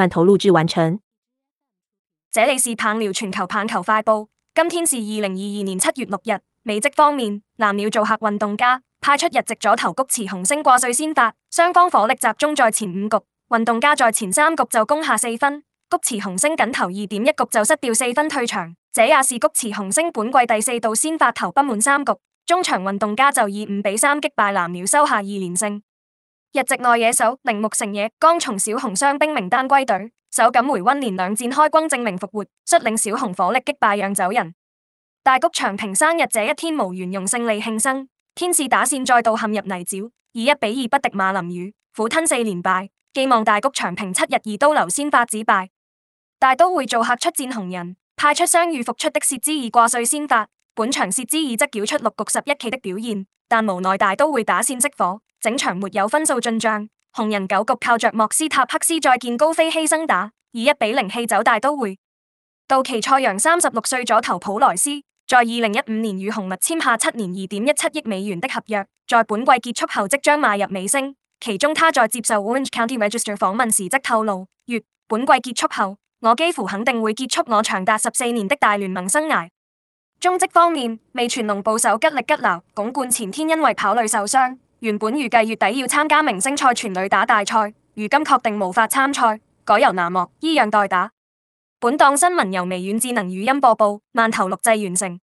慢投錄製完成。這裏是棒聊全球棒球快報。今天是二零二二年七月六日。美職方面，藍鳥做客運動家，派出日籍左投谷池雄星掛帥先發。雙方火力集中在前五局，運動家在前三局就攻下四分，谷池雄星僅投二點一局就失掉四分退場。這也是谷池雄星本季第四度先發投不滿三局。終場運動家就以五比三擊敗藍鳥，收下二連勝。日籍內野手鈴木誠也剛從小熊傷兵名單歸隊，手感回溫，連兩戰開轟證明復活，率領小熊火力擊敗釀酒人。大谷翔平生日這一天無緣用勝利慶生，天使打線再度陷入泥沼，以一比二不敵馬林魚，苦吞四連敗。寄望大谷翔平七日二刀流先發止敗，大都會做客出戰紅人，派出傷愈復出的薛之意掛帥先發，本場薛之意則繳出六局十一期的表現，但無奈大都會打線熄火。整場沒有分數進賬，紅人九局靠着莫斯塔克斯再見高飛犧牲打，以一比零氣走大都會。到期賽揚三十六歲左投普萊斯，在二零一五年與紅襪簽下七年二點一七億美元的合約，在本季結束後即將邁入尾聲。其中他在接受 Orange County Register 訪問時則透露，月本季結束後，我幾乎肯定會結束我長達十四年的大聯盟生涯。中職方面，味全龍捕手吉力吉撈·鞏冠前天因為跑壘受傷。原本預計月底要參加明星賽全壘打大賽，如今確定無法參賽，改由南莫依樣代打。本檔新聞由微軟智能語音播報，慢頭錄製完成。